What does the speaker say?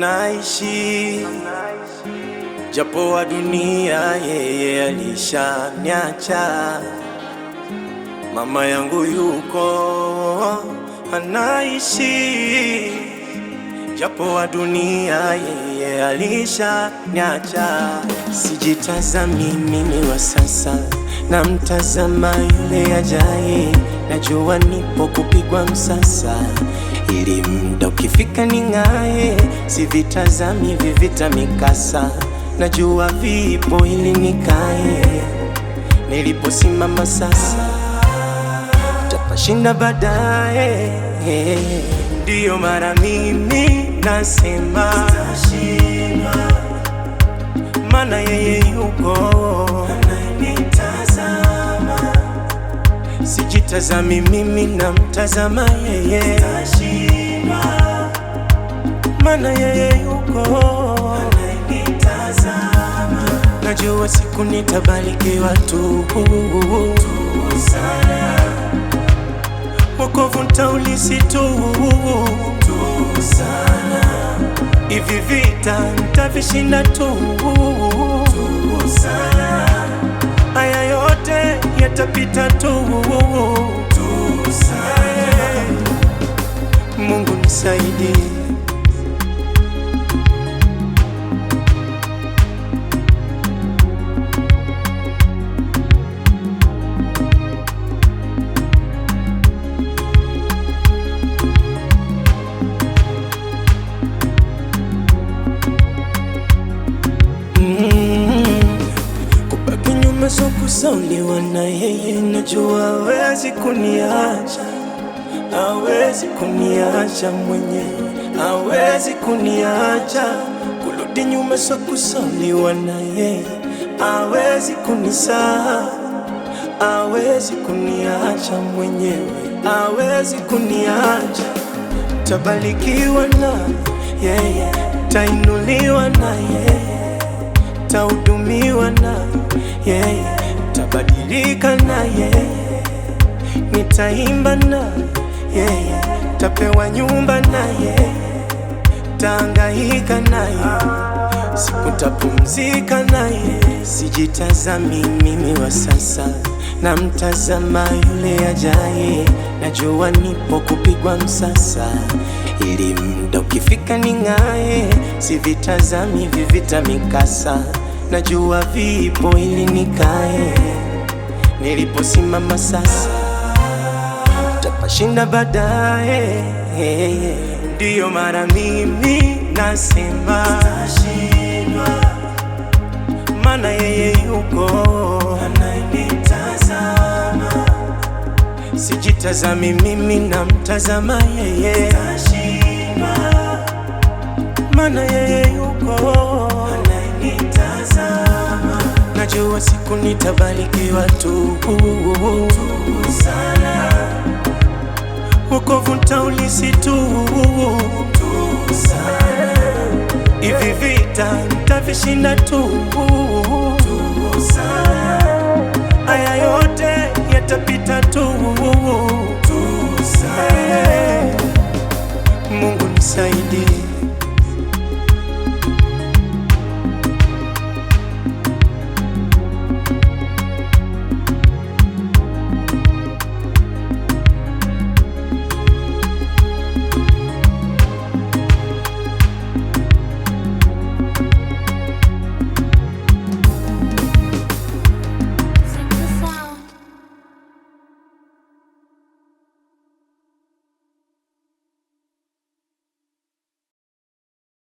naishi japo wa dunia yeye alishaniacha. Mama yangu yuko anaishi japo wa dunia yeye alishaniacha. Sijitazami mimi wa sasa, namtazama yule ajaye, najua nipo kupigwa msasa ili mda ukifika ning'ae, sivitazami vivita mikasa, najua vipo ili nikae. Niliposimama sasa, tapashinda baadaye, ndiyo mara mimi nasema Mtazami mimi na mtazama yeye, mana yeye yuko najua, siku nitabarikiwa tu sana, wokovu ntaulisi tu sana, hivi vita ntavishinda tu sana itapita tu, Mungu nisaidie. Sauliwa na yeye, najua hawezi kuniacha, hawezi kuniacha mwenyewe, hawezi kuniacha kurudi nyuma, so kusauliwa na yeye, hawezi kunisaa, hawezi kuniacha mwenyewe, hawezi kuniacha. Tabarikiwa na yeye, tainuliwa na yeye, tahudumiwa na yeye tabadilika naye, nitaimba naye, tapewa nyumba naye, taangaika naye, siku tapumzika naye. Sijitazami mimi wa sasa, namtazama yule ajaye. Najua nipo kupigwa msasa, ili muda ukifika ning'aye, sivitazami vivita mikasa najua vipo ili nikae niliposimama sasa, tapashinda baadaye. Ndiyo mara mimi nasema sitashindwa, mana yeye yuko ananitazama, sijitazami mimi namtazama yeye, mana yeye yuko najua siku nitabarikiwa tu, wokovu ntaulisi tu, hivi vita nitavishinda tu, haya yote yatapita tu, tu